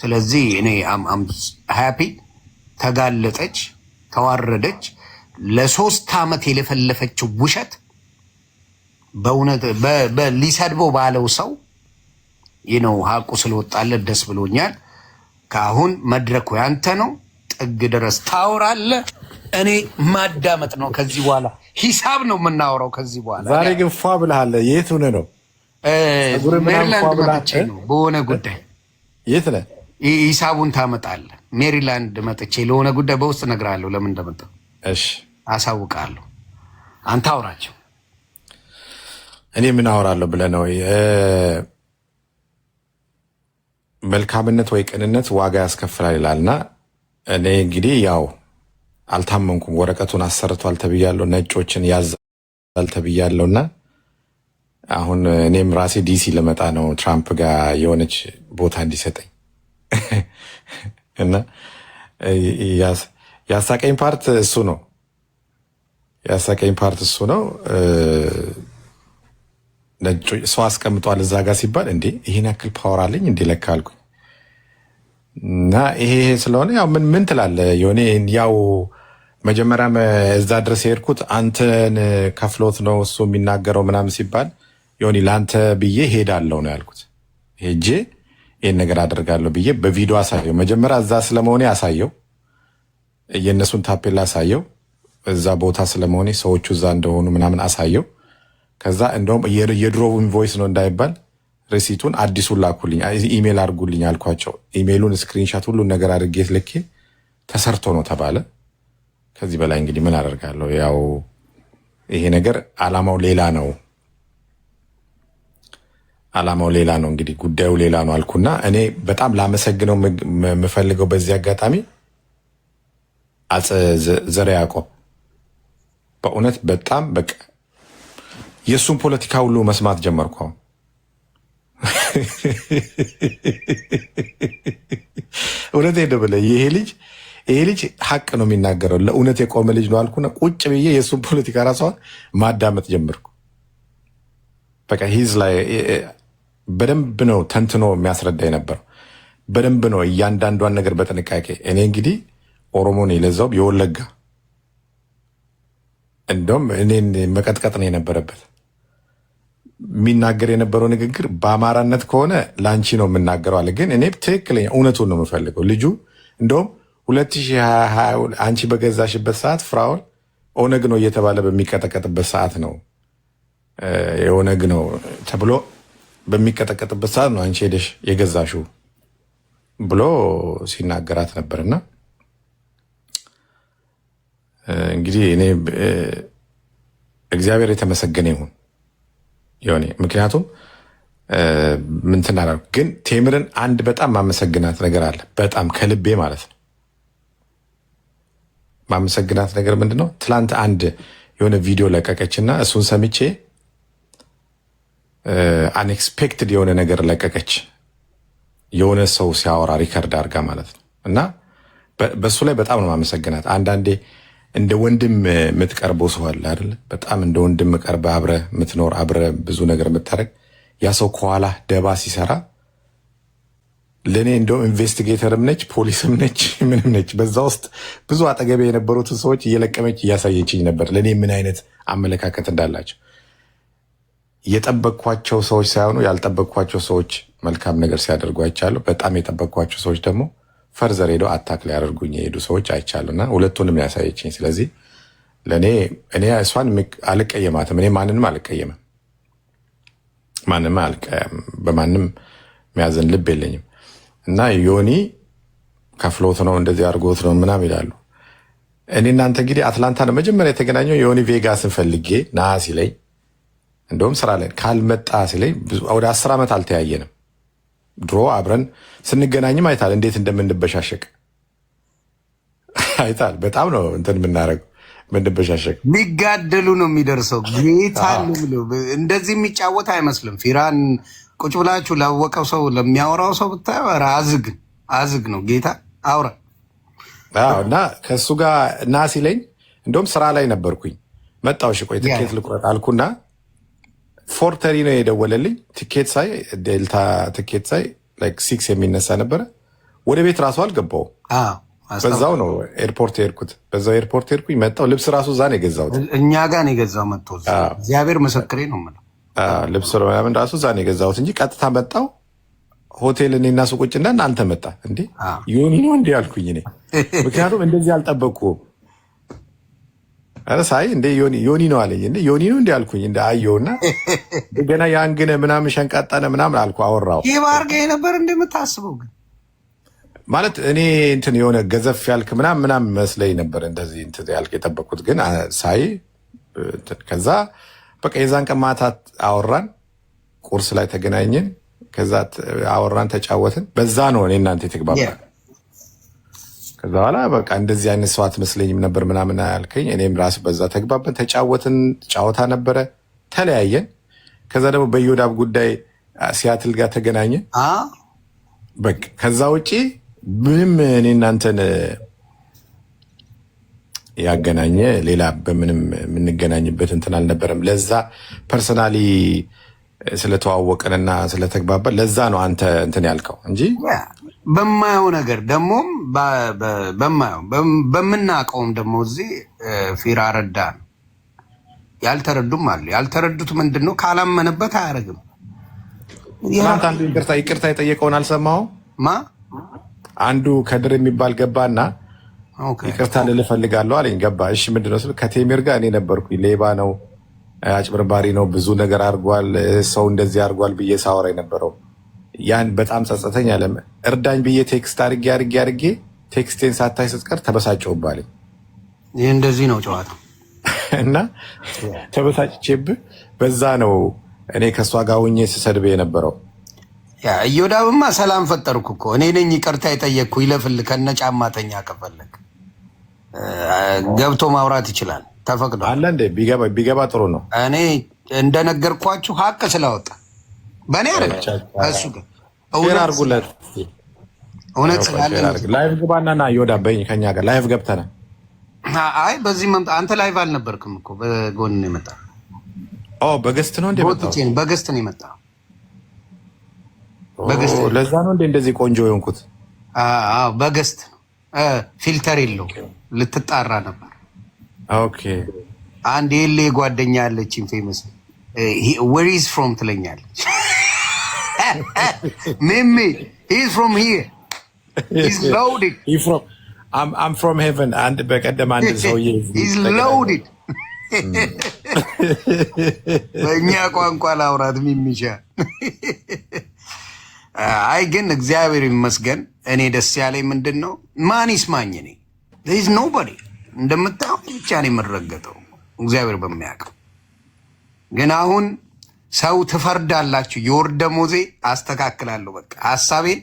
ስለዚህ እኔ ሀፒ ተጋለጠች፣ ተዋረደች። ለሶስት ዓመት የለፈለፈችው ውሸት በእውነት ሊሰድበው ባለው ሰው ይህ ነው ሀቁ ስለወጣለት ደስ ብሎኛል። ከአሁን መድረኩ ያንተ ነው። ጥግ ድረስ ታወራለ፣ እኔ ማዳመጥ ነው። ከዚህ በኋላ ሂሳብ ነው የምናወራው። ከዚህ በኋላ ዛሬ ግን ፏ ብልሃለ። የት ሆነ ነው? ሜሪላንድ መጥቼ ነው በሆነ ጉዳይ የት ነህ? ሂሳቡን ታመጣለ ሜሪላንድ መጥቼ ለሆነ ጉዳይ በውስጥ እነግርሃለሁ፣ ለምን እንደመጣሁ አሳውቃለሁ። አንተ አውራቸው። እኔ ምን አወራለሁ ብለህ ነው? መልካምነት ወይ ቅንነት ዋጋ ያስከፍላል ይላልና እኔ እንግዲህ ያው አልታመንኩም። ወረቀቱን አሰርቷል ተብያለሁ፣ ነጮችን ያዛል ተብያለሁና አሁን እኔም ራሴ ዲሲ ልመጣ ነው፣ ትራምፕ ጋር የሆነች ቦታ እንዲሰጠኝ እና ያሳቀኝ ፓርት እሱ ነው። ያሳቀኝ ፓርት እሱ ነው። ሰው አስቀምጧል እዛ ጋር ሲባል እንዴ ይሄን ያክል ፓወር አለኝ እንዴ ለካ አልኩኝ። እና ይሄ ስለሆነ ያው ምን ምን ትላለ የሆነ ያው መጀመሪያም እዛ ድረስ የሄድኩት አንተን ከፍሎት ነው እሱ የሚናገረው ምናምን ሲባል የሆነ ለአንተ ብዬ ሄዳለው ነው ያልኩት ሄጄ ይህን ነገር አደርጋለሁ ብዬ በቪዲዮ አሳየው። መጀመሪያ እዛ ስለመሆኔ አሳየው፣ የእነሱን ታፔላ አሳየው፣ እዛ ቦታ ስለመሆኔ ሰዎቹ እዛ እንደሆኑ ምናምን አሳየው። ከዛ እንደውም የድሮ ኢንቮይስ ነው እንዳይባል ሬሲቱን አዲሱን ላኩልኝ፣ ኢሜል አድርጉልኝ አልኳቸው። ኢሜሉን ስክሪንሻት፣ ሁሉን ነገር አድርጌ ልኬ ተሰርቶ ነው ተባለ። ከዚህ በላይ እንግዲህ ምን አደርጋለሁ? ያው ይሄ ነገር አላማው ሌላ ነው። አላማው ሌላ ነው፣ እንግዲህ ጉዳዩ ሌላ ነው አልኩና እኔ በጣም ላመሰግነው የምፈልገው በዚህ አጋጣሚ አፄ ዘርዓ ያዕቆብ በእውነት በጣም በቃ የእሱን ፖለቲካ ሁሉ መስማት ጀመርኩ። አሁን እውነት ሄደ ብለህ ይሄ ልጅ ይሄ ልጅ ሀቅ ነው የሚናገረው ለእውነት የቆመ ልጅ ነው አልኩና ቁጭ ብዬ የእሱን ፖለቲካ ራሷን ማዳመጥ ጀመርኩ። በቃ ሂዝ ላይ በደንብ ነው ተንትኖ የሚያስረዳ የነበረው። በደንብ ነው እያንዳንዷን ነገር በጥንቃቄ እኔ እንግዲህ ኦሮሞን የለዛውም የወለጋ እንደውም እኔን መቀጥቀጥ ነው የነበረበት የሚናገር የነበረው ንግግር በአማራነት ከሆነ ለአንቺ ነው የምናገረው አለ። ግን እኔ ትክክለኛ እውነቱን ነው የምፈልገው። ልጁ እንደውም 2020 አንቺ በገዛሽበት ሰዓት ፍራውን ኦነግ ነው እየተባለ በሚቀጠቀጥበት ሰዓት ነው የኦነግ ነው ተብሎ በሚቀጠቀጥበት ሰዓት ነው አንቺ ሄደሽ የገዛሽው ብሎ ሲናገራት ነበርና እንግዲህ እኔ እግዚአብሔር የተመሰገነ ይሁን የሆነ ምክንያቱም ምንትና ግን ቴምርን አንድ በጣም ማመሰግናት ነገር አለ። በጣም ከልቤ ማለት ነው ማመሰግናት ነገር ምንድነው? ትላንት አንድ የሆነ ቪዲዮ ለቀቀችና እሱን ሰምቼ አንኤክስፔክትድ የሆነ ነገር ለቀቀች። የሆነ ሰው ሲያወራ ሪከርድ አድርጋ ማለት ነው። እና በእሱ ላይ በጣም ነው ማመሰግናት። አንዳንዴ እንደ ወንድም የምትቀርበው ሰው አለ አይደለ? በጣም እንደ ወንድም ቀርበ አብረ የምትኖር አብረ ብዙ ነገር የምታደርግ ያ ሰው ከኋላ ደባ ሲሰራ ለእኔ እንደውም ኢንቨስቲጌተርም ነች ፖሊስም ነች ምንም ነች። በዛ ውስጥ ብዙ አጠገቤ የነበሩትን ሰዎች እየለቀመች እያሳየችኝ ነበር ለእኔ ምን አይነት አመለካከት እንዳላቸው የጠበቅኳቸው ሰዎች ሳይሆኑ ያልጠበቅኳቸው ሰዎች መልካም ነገር ሲያደርጉ አይቻሉ። በጣም የጠበቅኳቸው ሰዎች ደግሞ ፈርዘር ሄደው አታክ ሊያደርጉኝ የሄዱ ሰዎች አይቻሉ እና ሁለቱንም ያሳየችኝ። ስለዚህ ለእኔ እኔ እሷን አልቀየማትም። እኔ ማንንም አልቀየምም፣ ማንም በማንም መያዘን ልብ የለኝም እና ዮኒ ከፍሎት ነው እንደዚህ አድርጎት ነው ምናም ይላሉ። እኔ እናንተ እንግዲህ አትላንታ ነው መጀመሪያ የተገናኘው። ዮኒ ቬጋስን ፈልጌ ና ሲለኝ እንደውም ስራ ላይ ካልመጣ ሲለኝ ወደ አስር ዓመት አልተያየንም። ድሮ አብረን ስንገናኝም አይታል እንዴት እንደምንበሻሸቅ አይታል። በጣም ነው እንትን የምናደርገው ምንበሻሸቅ ሊጋደሉ ነው የሚደርሰው። ጌታ እንደዚህ የሚጫወት አይመስልም። ፊራን ቁጭ ብላችሁ ላወቀው ሰው ለሚያወራው ሰው ብታ አዝግ አዝግ ነው ጌታ አውራ እና ከእሱ ጋር ና ሲለኝ እንደውም ስራ ላይ ነበርኩኝ መጣው ሽቆይ ትኬት ልቁረጥ አልኩና ፎርተሪ ነው የደወለልኝ። ቲኬት ሳይ ዴልታ ቲኬት ሳይ ሲክስ የሚነሳ ነበረ። ወደ ቤት ራሱ አልገባው። በዛው ነው ኤርፖርት ሄድኩት። በዛው ኤርፖርት ሄድኩኝ መጣው። ልብስ ራሱ እዛ ነው የገዛሁት። እኛ ጋ ነው የገዛው መጥቶ። እግዚአብሔር ምስክሬ ነው የምለው ልብስ ምናምን ራሱ እዛ ነው የገዛሁት እንጂ ቀጥታ መጣው ሆቴል እኔና ሱቁጭና እናንተ መጣ እንዴ ይሁን እንዲህ አልኩኝ እኔ ምክንያቱም እንደዚህ አልጠበቅኩም። አረ ሳይ እንደ ዮኒ ዮኒ ነው አለኝ። እንደ ዮኒ ነው እንደ አልኩኝ እንደ አየውና ገና ያንግነ ምናምን ሸንቃጣነ ምናምን አልኩ አወራው ይህ ባርገ የነበር እንደምታስበው ግን ማለት እኔ እንትን የሆነ ገዘፍ ያልክ ምናምን ምናምን መስለኝ ነበር እንደዚህ እንትን ያልክ የጠበቅኩት ግን ሳይ ከዛ በቃ የዛን ቀን ማታ አወራን፣ ቁርስ ላይ ተገናኘን። ከዛ አወራን፣ ተጫወትን። በዛ ነው እኔ እናንተ የተግባባል ከዛ በኋላ በቃ እንደዚህ አይነት ሰው አትመስለኝም ነበር ምናምን ያልከኝ፣ እኔም ራስ በዛ ተግባበን፣ ተጫወትን። ጫወታ ነበረ፣ ተለያየን። ከዛ ደግሞ በዮዳብ ጉዳይ ሲያትል ጋር ተገናኘ። በቃ ከዛ ውጪ ምንም እኔ እናንተን ያገናኘ ሌላ በምንም የምንገናኝበት እንትን አልነበረም። ለዛ ፐርሰናሊ ስለተዋወቅንና ስለተግባበን ለዛ ነው አንተ እንትን ያልከው እንጂ በማየው ነገር ደግሞም በማየው በምናውቀውም ደግሞ እዚህ ፊራ ረዳ ነው። ያልተረዱም አሉ። ያልተረዱት ምንድን ነው? ካላመነበት አያደርግም። ትናንት አንዱ ይቅርታ የጠየቀውን አልሰማው ማ አንዱ ከድር የሚባል ገባና ይቅርታ ልል እፈልጋለሁ አለኝ። ገባ። እሺ ምንድን ነው ስል ከቴሚር ጋር እኔ ነበርኩ ሌባ ነው፣ አጭበርባሪ ነው፣ ብዙ ነገር አድርጓል፣ ሰው እንደዚህ አድርጓል ብዬ ሳወራ የነበረው ያን በጣም ጸጸተኝ አለ። እርዳኝ ብዬ ቴክስት አድርጌ አድርጌ አድርጌ ቴክስቴን ሳታይ ስትቀር ተበሳጨሁባለኝ። ይህ እንደዚህ ነው ጨዋታ እና ተበሳጭቼብህ በዛ ነው እኔ ከእሷ ጋር ሁኜ ስሰድብህ የነበረው። እዮዳብማ ሰላም ፈጠርኩ እኮ እኔ ነኝ ይቅርታ የጠየቅኩ። ይለፍል ከነ ጫማተኛ ከፈለግ ገብቶ ማውራት ይችላል። ተፈቅዶ አለ እንደ ቢገባ ጥሩ ነው። እኔ እንደነገርኳችሁ ሀቅ ስለወጣ በእኔ አደለ እሱ ግን ሼር አድርጉለት። እውነት ላይቭ ግባና ና ይወዳበኝ ከኛ ጋር ላይቭ ገብተነ። አይ በዚህ መምጣ አንተ ላይቭ አልነበርክም እኮ በጎን ነው የመጣ። ኦ በገስት ነው እንደ በገስት ነው የመጣ። በገስት ለዛ ነው እንደ እንደዚህ ቆንጆ የሆንኩት። በገስት ነው። ፊልተር የለው ልትጣራ ነበር። ኦኬ አንድ የሌ ጓደኛ ያለችን ፌመስ ዌር ኢዝ ፍሮም ትለኛለች Name me. He's from here. He's loaded. He from I'm I'm from heaven and በቀደም አንድ ሰውዬ He's loaded. በእኛ ቋንቋ ላውራት ሚሚሻ አይ ግን እግዚአብሔር ይመስገን። እኔ ደስ ያለኝ ምንድን ነው ማን ይስማኝ? እኔ ዝ ኖበዲ እንደምታየው ብቻ ነው የምረገጠው እግዚአብሔር በሚያውቀው ግን አሁን ሰው ትፈርዳላችሁ። የወር ደሞዜ አስተካክላለሁ። በቃ ሀሳቤን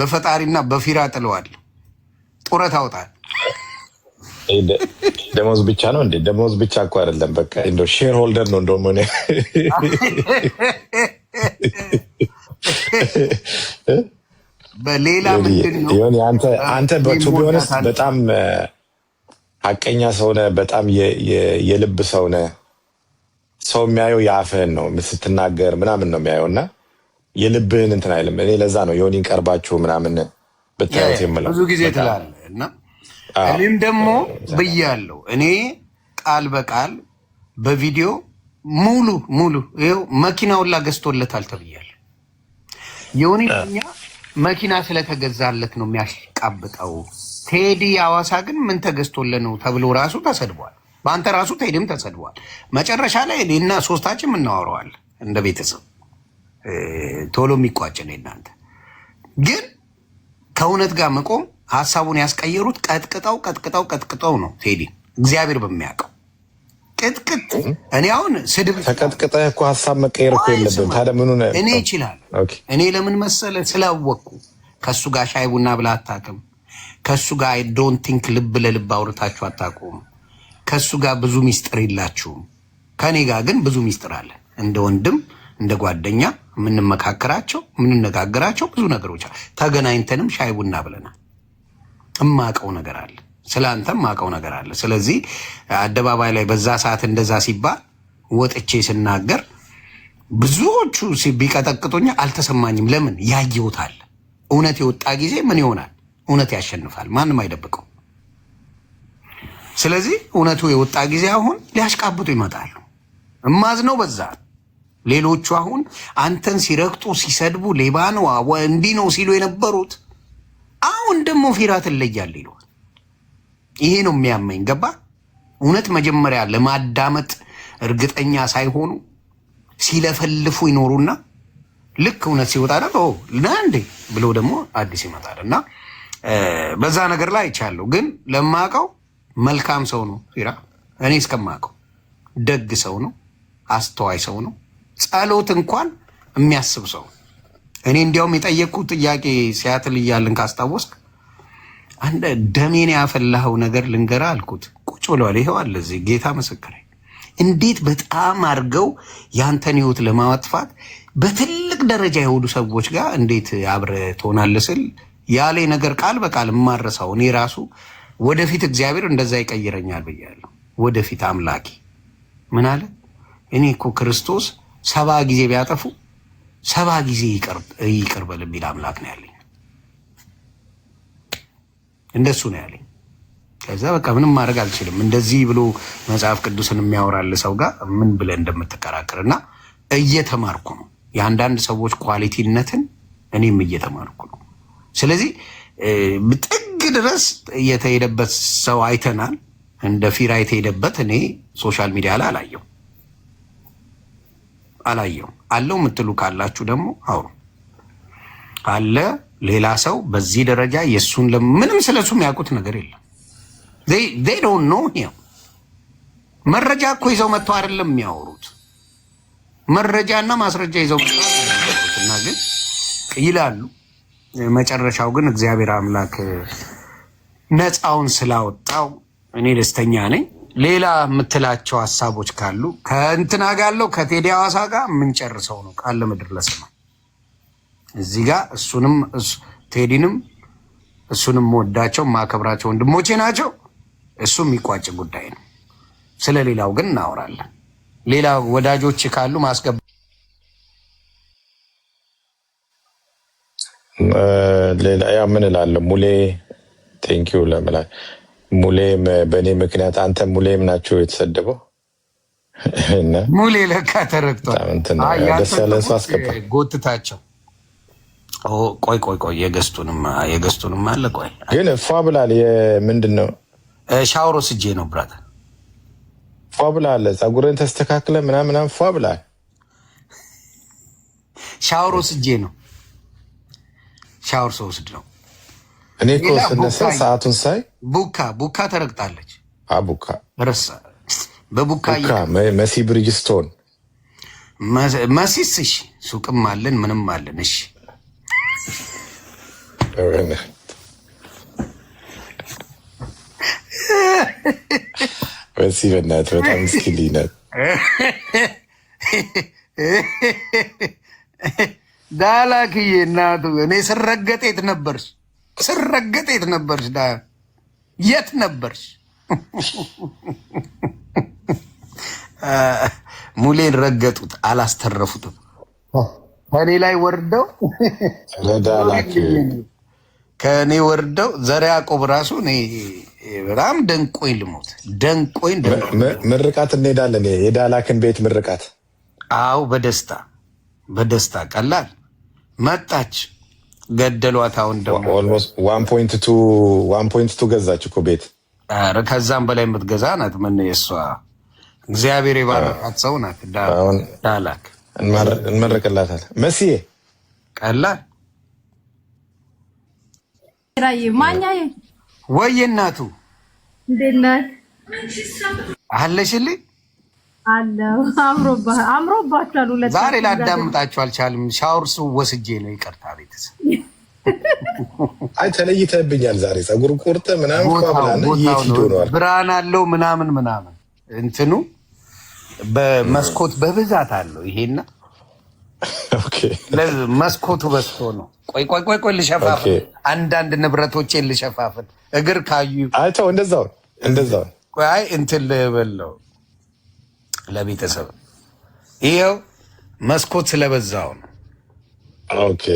በፈጣሪና በፊራ ጥለዋለሁ። ጡረት አውጣል። ደሞዝ ብቻ ነው እንዴ? ደሞዝ ብቻ እኮ አይደለም። በቃ እንደ ሼር ሆልደር ነው እንደውም ሆነ በሌላ ምንድን ነው አንተ በጣም ሀቀኛ ሰውነ፣ በጣም የልብ ሰውነ ሰው የሚያየው የአፍህን ነው ስትናገር ምናምን ነው የሚያየው እና የልብህን እንትን አይልም። እኔ ለዛ ነው የሆኒን ቀርባችሁ ምናምን ብታዩት የምለው ብዙ ጊዜ ትላለ እና እኔም ደግሞ ብያለሁ። እኔ ቃል በቃል በቪዲዮ ሙሉ ሙሉ ይኸው መኪናውን ላገዝቶለታል ተብያለሁ። የሆኒ መኪና ስለተገዛለት ነው የሚያሽቃብጠው። ቴዲ አዋሳ ግን ምን ተገዝቶለት ነው ተብሎ ራሱ ተሰድቧል። በአንተ ራሱ ቴዲም ተሰድቧል። መጨረሻ ላይ እኔና ሶስታችን እናወረዋል እንደ ቤተሰብ ቶሎ የሚቋጭ ነው። እናንተ ግን ከእውነት ጋር መቆም ሀሳቡን ያስቀየሩት ቀጥቅጠው ቀጥቅጠው ቀጥቅጠው ነው ቴዲን እግዚአብሔር በሚያውቀው ቅጥቅጥ እኔ አሁን ስድብ ተቀጥቅጠህ እኮ ሀሳብ መቀየር እኮ የለብህም። ታዲያ ምኑ እኔ ይችላል። እኔ ለምን መሰለ ስላወቅኩ ከእሱ ጋር ሻይ ቡና ብላ አታውቅም። ከእሱ ጋር አይ ዶንት ቲንክ ልብ ለልብ አውርታችሁ አታውቁም። ከእሱ ጋር ብዙ ሚስጥር የላችሁም። ከእኔ ጋር ግን ብዙ ሚስጥር አለ። እንደ ወንድም እንደ ጓደኛ የምንመካከራቸው የምንነጋገራቸው ብዙ ነገሮች አለ። ተገናኝተንም ሻይ ቡና ብለናል። እማቀው ነገር አለ፣ ስለ አንተም ማቀው ነገር አለ። ስለዚህ አደባባይ ላይ በዛ ሰዓት እንደዛ ሲባል ወጥቼ ስናገር ብዙዎቹ ቢቀጠቅጡኛ አልተሰማኝም። ለምን ያየውታል። እውነት የወጣ ጊዜ ምን ይሆናል? እውነት ያሸንፋል። ማንም አይደብቀው። ስለዚህ እውነቱ የወጣ ጊዜ አሁን ሊያሽቃብጡ ይመጣሉ። እማዝ ነው በዛ ሌሎቹ አሁን አንተን ሲረግጡ ሲሰድቡ ሌባ ነው እንዲህ ነው ሲሉ የነበሩት አሁን ደግሞ ፊራ ትለያል ይለዋል። ይሄ ነው የሚያመኝ። ገባ እውነት መጀመሪያ ለማዳመጥ እርግጠኛ ሳይሆኑ ሲለፈልፉ ይኖሩና ልክ እውነት ሲወጣ ደግሞ ና እንዴ ብሎ ደግሞ አዲስ ይመጣል እና በዛ ነገር ላይ አይቻለሁ ግን ለማቀው መልካም ሰው ነው ሲራ እኔ እስከማውቀው ደግ ሰው ነው፣ አስተዋይ ሰው ነው፣ ጸሎት እንኳን የሚያስብ ሰው እኔ እንዲያውም የጠየቅኩት ጥያቄ ሲያትል እያልን ካስታወስክ አንድ ደሜን ያፈላኸው ነገር ልንገራ አልኩት። ቁጭ ብለዋል። ይኸው አለ እዚህ ጌታ ምስክሬ። እንዴት በጣም አድርገው ያንተን ህይወት ለማጥፋት በትልቅ ደረጃ የሆኑ ሰዎች ጋር እንዴት አብረ ትሆናለህ ስል ያለ ነገር ቃል በቃል የማረሳው እኔ ራሱ ወደፊት እግዚአብሔር እንደዛ ይቀይረኛል ብያለሁ። ወደፊት አምላኬ ምን አለ? እኔ እኮ ክርስቶስ ሰባ ጊዜ ቢያጠፉ ሰባ ጊዜ ይቅር በል የሚል አምላክ ነው ያለኝ። እንደሱ ነው ያለኝ። ከዛ በቃ ምንም ማድረግ አልችልም። እንደዚህ ብሎ መጽሐፍ ቅዱስን የሚያወራል ሰው ጋር ምን ብለህ እንደምትከራከር እና እየተማርኩ ነው የአንዳንድ ሰዎች ኳሊቲነትን እኔም እየተማርኩ ነው። ስለዚህ ጥግ ጥግ ድረስ የተሄደበት ሰው አይተናል። እንደ ፊራ የተሄደበት እኔ ሶሻል ሚዲያ ላይ አላየው አላየው አለው የምትሉ ካላችሁ ደግሞ አውሩ አለ። ሌላ ሰው በዚህ ደረጃ የእሱን ምንም ስለ እሱ የሚያውቁት ነገር የለም። ዶን ኖ መረጃ እኮ ይዘው መጥተው አይደለም የሚያወሩት መረጃና ማስረጃ ይዘው መጥተው እና ግን ይላሉ መጨረሻው ግን እግዚአብሔር አምላክ ነፃውን ስላወጣው እኔ ደስተኛ ነኝ። ሌላ የምትላቸው ሀሳቦች ካሉ ከእንትና ጋለው ከቴዲ ሐዋሳ ጋር የምንጨርሰው ነው። ቃል ምድር ለስማ እዚህ ጋር እሱንም ቴዲንም እሱንም ወዳቸው ማከብራቸው ወንድሞቼ ናቸው። እሱ የሚቋጭ ጉዳይ ነው። ስለ ሌላው ግን እናወራለን። ሌላ ወዳጆች ካሉ ማስገባ ሌላ ያ ምን እላለሁ ሙሌ ቴንኪው ለምላ ሙሌም በእኔ ምክንያት አንተ ሙሌም ናቸው የተሰደበው። ሙሌ ለካ ተረግቷል። ያለን ሰው አስገባ ጎትታቸው። ቆይ ቆይ ቆይ የገስቱንም የገስቱንም አለ ቆይ ግን ፏ ብላል። ምንድን ነው ሻወር ወስጄ ነው ብራታ ፏ ብላል። ጸጉርን ተስተካክለ ምናምናም ፏ ብላል። ሻወር ስጄ ነው ሻወር ስወስድ ነው። እኔ እኮ ስነሳ ሰዓቱን ሳይ ቡካ ቡካ ተረግጣለች። ቡካ ረሳ በቡካ መሲ ብሪጅስቶን መሲስ እሺ፣ ሱቅም አለን ምንም አለን። እሺ መሲ በናት በጣም ምስኪን ናት። ዳላክዬ እናቱ እኔ ስረገጥ የት ነበርሽ? ስረገጥ የት ነበርሽ? ዳ የት ነበርሽ? ሙሌን ረገጡት፣ አላስተረፉትም። ከእኔ ላይ ወርደው ከእኔ ወርደው ዘር ያዕቆብ ራሱ እኔ በጣም ደንቆኝ ልሞት ደንቆኝ። ምርቃት እንሄዳለን፣ የዳላክን ቤት ምርቃት። አዎ በደስታ በደስታ ቀላል መጣች፣ ገደሏት። አሁን ደግሞ ገዛች እኮ ቤት ከዛም በላይ የምትገዛ ናት። ምን የእሷ እግዚአብሔር የባረካት ሰው ናት። ዳላክ እንመረቅላታል። መስዬ ቀላል ማኛ ወይ እናቱ አለሽልኝ አምሮባችኋል። ሁለት ዛሬ ላዳምጣችሁ አልቻልም። ሻወር ወስጄ ነው። ይቅርታ ቤተሰብ። አይ ተለይተብኛል። ዛሬ ጸጉር ቁርጥ ምናምን ብርሃን አለው ምናምን ምናምን እንትኑ በመስኮት በብዛት አለው ይሄና መስኮቱ በስቶ ነው። ቆይ ቆይ ቆይ ቆይ ልሸፋፍን፣ አንዳንድ ንብረቶቼን ልሸፋፍን። እግር ካዩ አይተው እንደዛው እንደዛው። አይ እንትን ልበለው ለቤተሰብ ይኸው መስኮት ስለበዛው ነው። ኦኬ